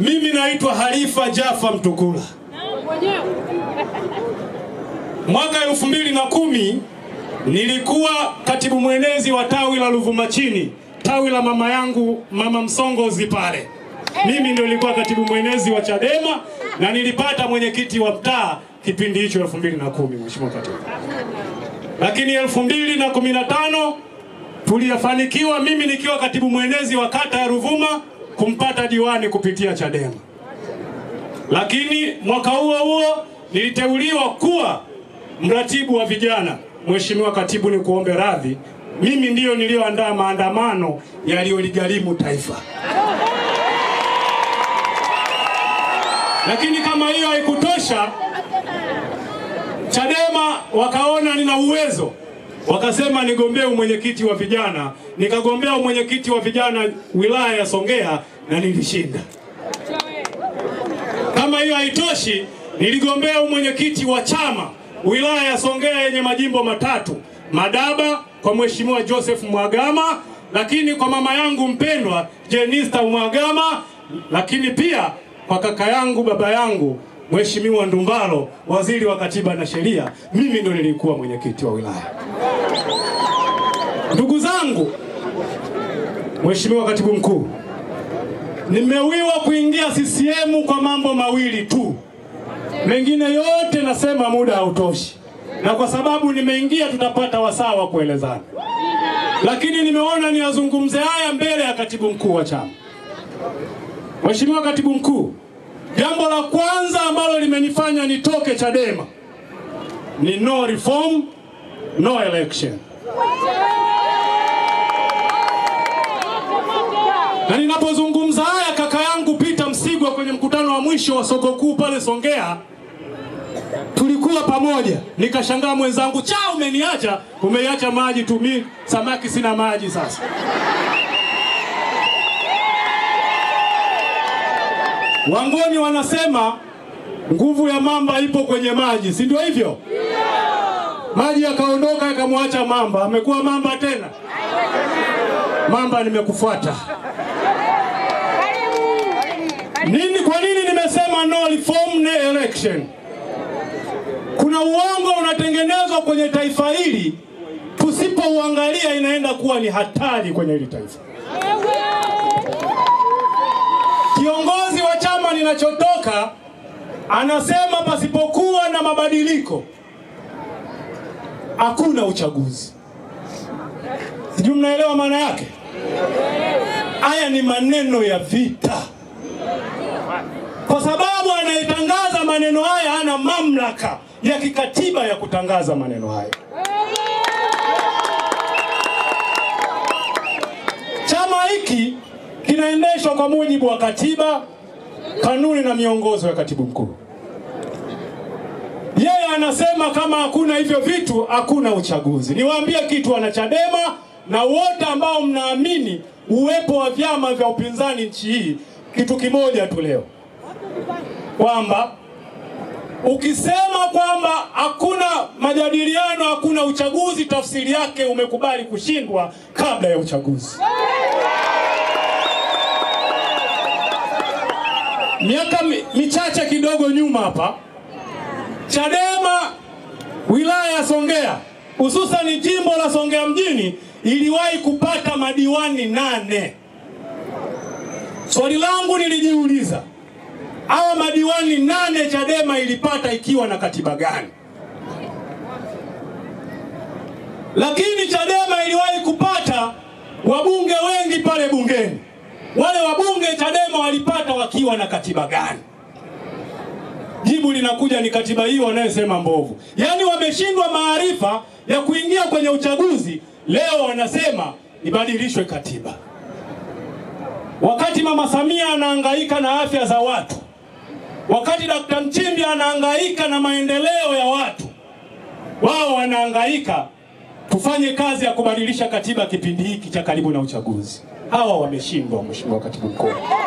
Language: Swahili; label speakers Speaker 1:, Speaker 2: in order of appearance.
Speaker 1: Mimi naitwa Halifa Jafa Mtukula. Mwaka elfu mbili na kumi nilikuwa katibu mwenezi wa tawi la Ruvuma chini, tawi la mama yangu mama Msongozi pale. Mimi ndio nilikuwa katibu mwenezi wa Chadema na nilipata mwenyekiti wa mtaa kipindi hicho elfu mbili na kumi mheshimiwa katibu. Lakini elfu mbili na kumi na tano tuliyafanikiwa, mimi nikiwa katibu mwenezi wa kata ya Ruvuma kumpata diwani kupitia Chadema, lakini mwaka huo huo niliteuliwa kuwa mratibu wa vijana. Mheshimiwa Katibu, ni kuombe radhi, mimi ndiyo niliyoandaa maandamano yaliyoligharimu taifa lakini kama hiyo haikutosha, Chadema wakaona nina uwezo wakasema nigombee umwenyekiti wa vijana. Nikagombea umwenyekiti wa vijana wilaya ya Songea na nilishinda. Kama hiyo haitoshi, niligombea umwenyekiti wa chama wilaya ya Songea yenye majimbo matatu, Madaba kwa Mheshimiwa Joseph Mwagama, lakini kwa mama yangu mpendwa Jenista Mwagama, lakini pia kwa kaka yangu baba yangu Mheshimiwa Ndumbalo, waziri wa katiba na sheria, mimi ndo nilikuwa mwenyekiti wa wilaya. Ndugu zangu, Mheshimiwa Katibu Mkuu, nimewiwa kuingia CCM kwa mambo mawili tu, mengine yote nasema muda hautoshi, na kwa sababu nimeingia tutapata wasaa wa kuelezana, lakini nimeona niyazungumze haya mbele ya katibu mkuu wa chama. Mheshimiwa Katibu Mkuu, jambo la kwanza ambalo limenifanya nitoke Chadema ni no reform, no election. Na ninapozungumza haya, kaka yangu Peter Msigwa, kwenye mkutano wa mwisho wa soko kuu pale Songea, tulikuwa pamoja, nikashangaa mwenzangu, cha umeniacha, umeiacha maji tu, mimi samaki sina maji sasa Wangoni wanasema nguvu ya mamba ipo kwenye maji, si ndio hivyo? Maji yakaondoka yakamwacha mamba, amekuwa mamba tena. Mamba, nimekufuata. Yaani nini, kwa nini nimesema no reform no election? Kuna uongo unatengenezwa kwenye taifa hili, tusipouangalia inaenda kuwa ni hatari kwenye hili taifa. Kiongozi wa chama ninachotoka anasema pasipokuwa na mabadiliko hakuna uchaguzi. Sijui mnaelewa maana yake. Haya ni maneno ya vita kwa sababu anayetangaza maneno haya ana mamlaka ya kikatiba ya kutangaza maneno haya. Chama hiki kinaendeshwa kwa mujibu wa katiba, kanuni na miongozo ya katibu mkuu. Yeye anasema kama hakuna hivyo vitu hakuna uchaguzi. Niwaambie kitu, wanachadema na wote ambao mnaamini uwepo wa vyama vya upinzani nchi hii, kitu kimoja tu leo kwamba ukisema kwamba hakuna majadiliano, hakuna uchaguzi, tafsiri yake umekubali kushindwa kabla ya uchaguzi. Miaka michache kidogo nyuma hapa Chadema wilaya ya Songea hususani jimbo la Songea mjini iliwahi kupata madiwani nane. Swali langu nilijiuliza hawa madiwani nane Chadema ilipata ikiwa na katiba gani? Lakini Chadema iliwahi kupata wabunge wengi pale bungeni. Wale wabunge Chadema walipata wakiwa na katiba gani? Jibu linakuja ni katiba hiyo wanayosema mbovu. Yaani wameshindwa maarifa ya kuingia kwenye uchaguzi, leo wanasema ibadilishwe katiba, wakati mama Samia anahangaika na afya za watu Wakati Dr. Mchimbi anahangaika na maendeleo ya watu, wao wanahangaika tufanye kazi ya kubadilisha katiba kipindi hiki cha karibu na uchaguzi. Hawa wameshindwa, Mheshimiwa Katibu Mkuu.